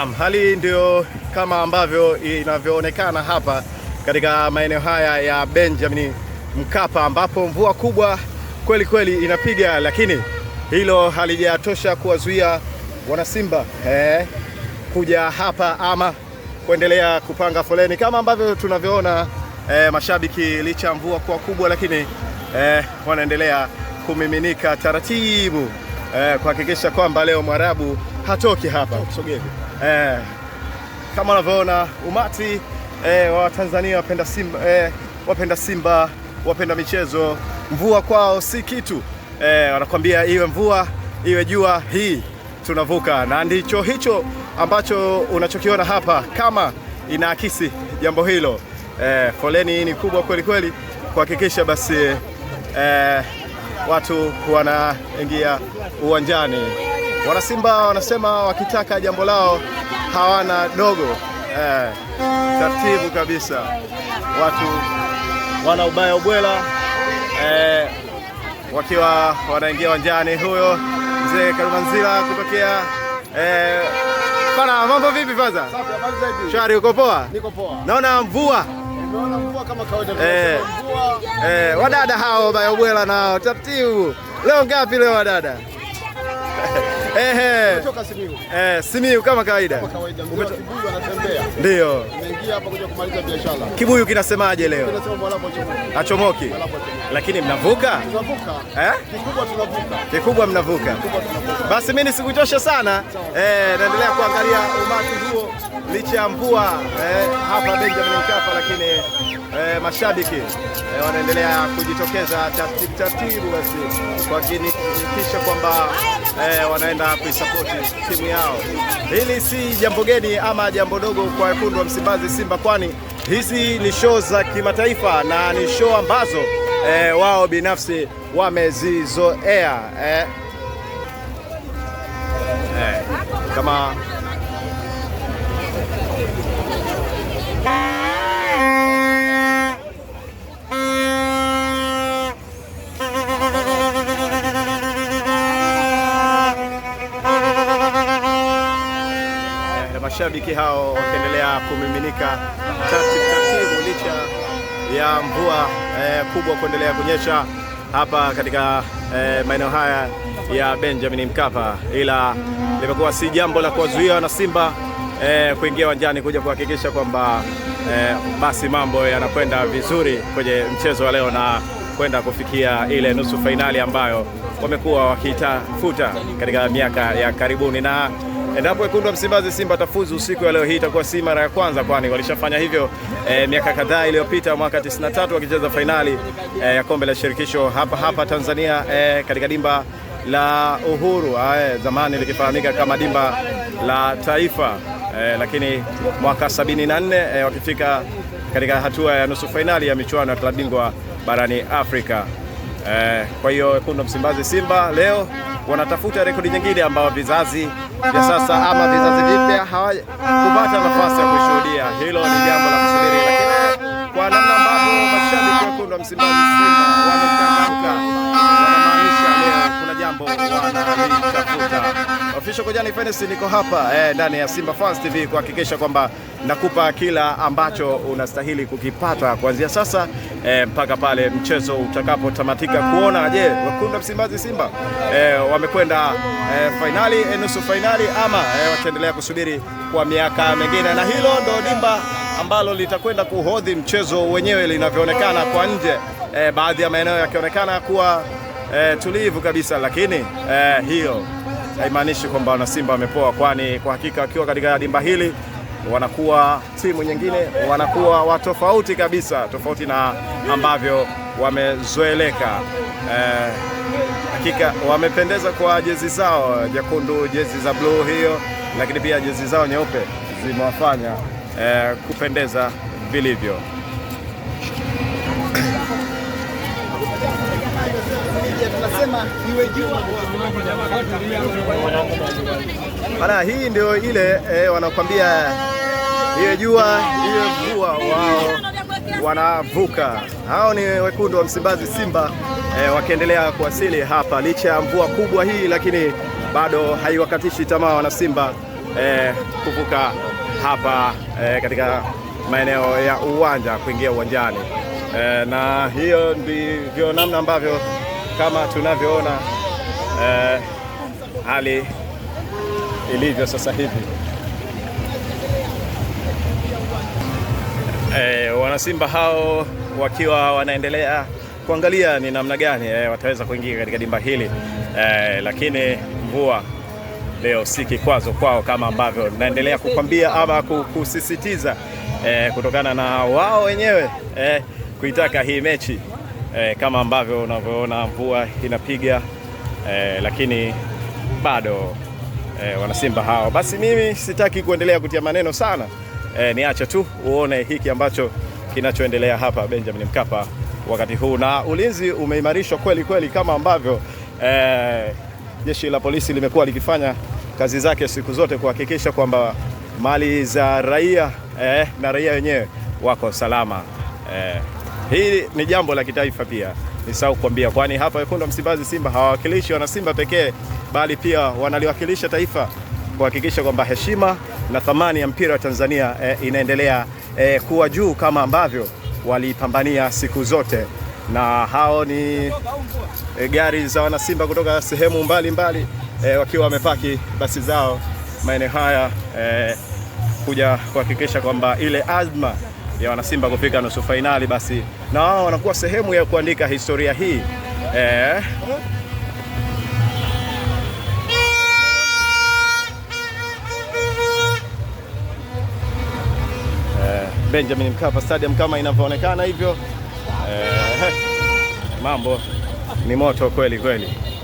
Naam, hali ndio kama ambavyo inavyoonekana hapa katika maeneo haya ya Benjamin Mkapa ambapo mvua kubwa kweli kweli inapiga, lakini hilo halijatosha kuwazuia wanasimba eh, kuja hapa ama kuendelea kupanga foleni kama ambavyo tunavyoona eh, mashabiki licha mvua kuwa kubwa, lakini eh, wanaendelea kumiminika taratibu eh, kuhakikisha kwamba leo Mwarabu hatoki hapa. Sogea eh, kama unavyoona umati eh, wa Tanzania wapenda Simba, eh, wapenda Simba, wapenda michezo, mvua kwao si kitu eh, wanakwambia iwe mvua iwe jua, hii tunavuka, na ndicho hicho ambacho unachokiona hapa kama inaakisi jambo hilo. Eh, foleni hii ni kubwa kweli kweli kuhakikisha basi eh, watu wanaingia uwanjani. Wanasimba wanasema wakitaka jambo lao hawana dogo. Eh, taratibu kabisa, watu wana ubaya ubwela eh, wakiwa wanaingia uwanjani. Huyo mzee Karumanzila kutokea eh, bana, mambo vipi? Faza shwari, uko poa? Niko poa. Naona mvua Eh, eh, wadada hao bayobwela nao taratibu. Leo ngapi leo wadada? Ehe. Kutoka Simiyu. Eh, Simiyu kama kawaida. Kama kawaida. Umeto... Kibuyu anatembea. Ndio. Nimeingia hapa kuja kumaliza biashara. Kibuyu kinasemaje leo? Kinasema mwalapo achomoki. Achomoki. Lakini mnavuka? Tunavuka. Eh? Kikubwa tunavuka. Kikubwa mnavuka. Basi mimi nisikuchoshe sana. Eh, naendelea kuangalia umati huo licha ya mvua eh, hapa Benjamin Mkapa, lakini eh, mashabiki eh, wanaendelea kujitokeza taratibu taratibu, basi wakihakikisha kwamba eh, wanaenda kuisapoti timu yao. Hili si jambo geni ama jambo dogo kwa wekundu wa Msimbazi, Simba, kwani hizi ni show za kimataifa na ni show ambazo eh, wao binafsi wamezizoea eh. Eh, kama mashabiki hao wakiendelea kumiminika taratibu taratibu licha ya mvua eh, kubwa kuendelea kunyesha hapa katika eh, maeneo haya ya Benjamin Mkapa, ila limekuwa si jambo la kuwazuia Simba eh, kuingia uwanjani kuja kuhakikisha kwamba eh, basi mambo yanakwenda vizuri kwenye mchezo wa leo na kwenda kufikia ile nusu fainali ambayo wamekuwa wakitafuta katika miaka ya karibuni na Endapo wekundu wa Msimbazi Simba tafuzu usiku ya leo hii, itakuwa si mara ya kwanza, kwani walishafanya hivyo e, miaka kadhaa iliyopita mwaka 93 wakicheza fainali e, ya kombe la shirikisho hapa hapa Tanzania e, katika dimba la Uhuru ae, ah, zamani likifahamika kama dimba la Taifa e, lakini mwaka 74 e, wakifika katika hatua ya nusu fainali ya michuano ya klabu bingwa barani Afrika. Eh, kwa hiyo wekundu Msimbazi Simba leo wanatafuta rekodi nyingine ambayo vizazi vya sasa ama vizazi vipya hawakupata nafasi ya kushuhudia. Hilo ni jambo la kusubiri, lakini kwa namna ambavyo mashabiki wekundu wa Msimbazi Simba wanachangamka, wanamaanisha leo kuna jambo wanalitafuta. Official Kojani Fitness niko hapa eh, ndani ya Simba Fans TV kuhakikisha kwamba nakupa kila ambacho unastahili kukipata kuanzia sasa eh, mpaka e, pale mchezo utakapotamatika, kuona je, Wekundu Msimbazi Simba e, wamekwenda e, eh, fainali e, nusu fainali ama e, wataendelea kusubiri kwa miaka mingine, na hilo ndo dimba ambalo litakwenda kuhodhi mchezo wenyewe linavyoonekana kwa nje. E, baadhi ya maeneo yakionekana kuwa e, tulivu kabisa, lakini e, hiyo haimaanishi kwamba wanasimba wamepoa, kwani kwa hakika wakiwa katika dimba hili wanakuwa timu nyingine, wanakuwa watofauti kabisa, tofauti na ambavyo wamezoeleka. Eh, hakika eh, wamependeza kwa jezi zao nyekundu, jezi za bluu hiyo, lakini pia jezi zao nyeupe zimewafanya eh, kupendeza vilivyo. Bana, hii ndio ile eh, iwe jua iwe mvua, wao wanavuka. Hao ni wekundu wa Msimbazi, Simba e, wakiendelea kuwasili hapa licha ya mvua kubwa hii, lakini bado haiwakatishi tamaa wana Simba e, kuvuka hapa e, katika maeneo ya uwanja kuingia uwanjani e, na hiyo ndivyo namna ambavyo kama tunavyoona e, hali ilivyo sasa hivi. E, wanasimba hao wakiwa wanaendelea kuangalia ni namna gani e, wataweza kuingia katika dimba hili e, lakini mvua leo si kikwazo kwao kama ambavyo naendelea kukwambia ama kusisitiza e, kutokana na wao wenyewe e, kuitaka hii mechi e, kama ambavyo unavyoona mvua inapiga e, lakini bado e, wanasimba hao. Basi mimi sitaki kuendelea kutia maneno sana e, eh, niache tu uone hiki ambacho kinachoendelea hapa Benjamin Mkapa wakati huu, na ulinzi umeimarishwa kweli kweli kama ambavyo e, jeshi la polisi limekuwa likifanya kazi zake siku zote kuhakikisha kwamba mali za raia e, na raia wenyewe wako salama e, hii ni jambo la kitaifa pia nisahau kukwambia, kwani hapa wekundu wa Msimbazi Simba hawawakilishi wana Simba pekee, bali pia wanaliwakilisha taifa kuhakikisha kwamba heshima na thamani ya mpira wa Tanzania e, inaendelea e, kuwa juu kama ambavyo walipambania siku zote, na hao ni e, gari za wanasimba kutoka sehemu mbalimbali mbali, e, wakiwa wamepaki basi zao maeneo haya e, kuja kuhakikisha kwamba ile azma ya wanasimba kufika nusu fainali basi na wao wanakuwa sehemu ya kuandika historia hii e, Benjamin Mkapa Stadium kama inavyoonekana hivyo. Eh, mambo ni moto kweli kweli.